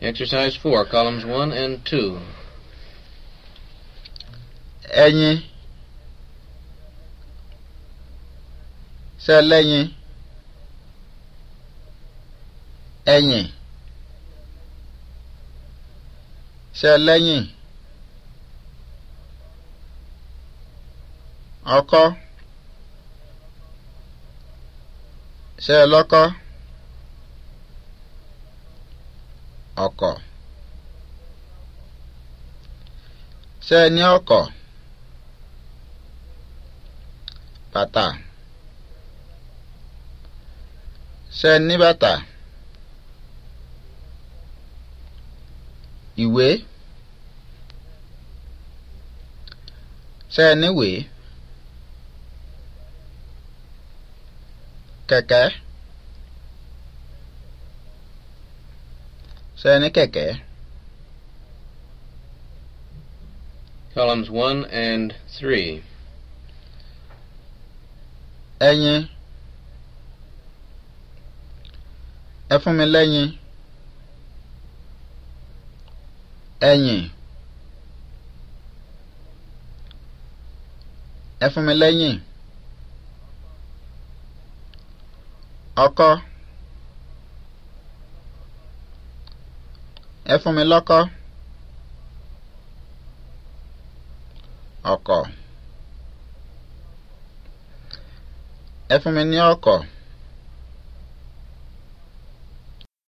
Exercise 4, columns 1 and 2. Any. Sẹ́lẹ̀yìn. any. Sẹ́lẹ̀yìn. Ọkọ. Sẹ́lọ́kọ. ọkọ̀ ṣé ẹ ní ọkọ̀ bàtà ṣé ẹ ní bàtà ìwé ṣé ẹ níwèé kẹ̀kẹ́. Say ne kekee. Eh? Columns one and three. Ẹyin. Ẹ fún mi lẹ́yìn. Ẹyin. Ẹ ẹ fún mi lọ́kọ́ ọkọ̀ ẹ fún mi ní ọkọ̀.